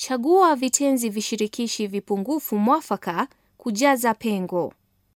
Chagua vitenzi vishirikishi vipungufu mwafaka kujaza pengo.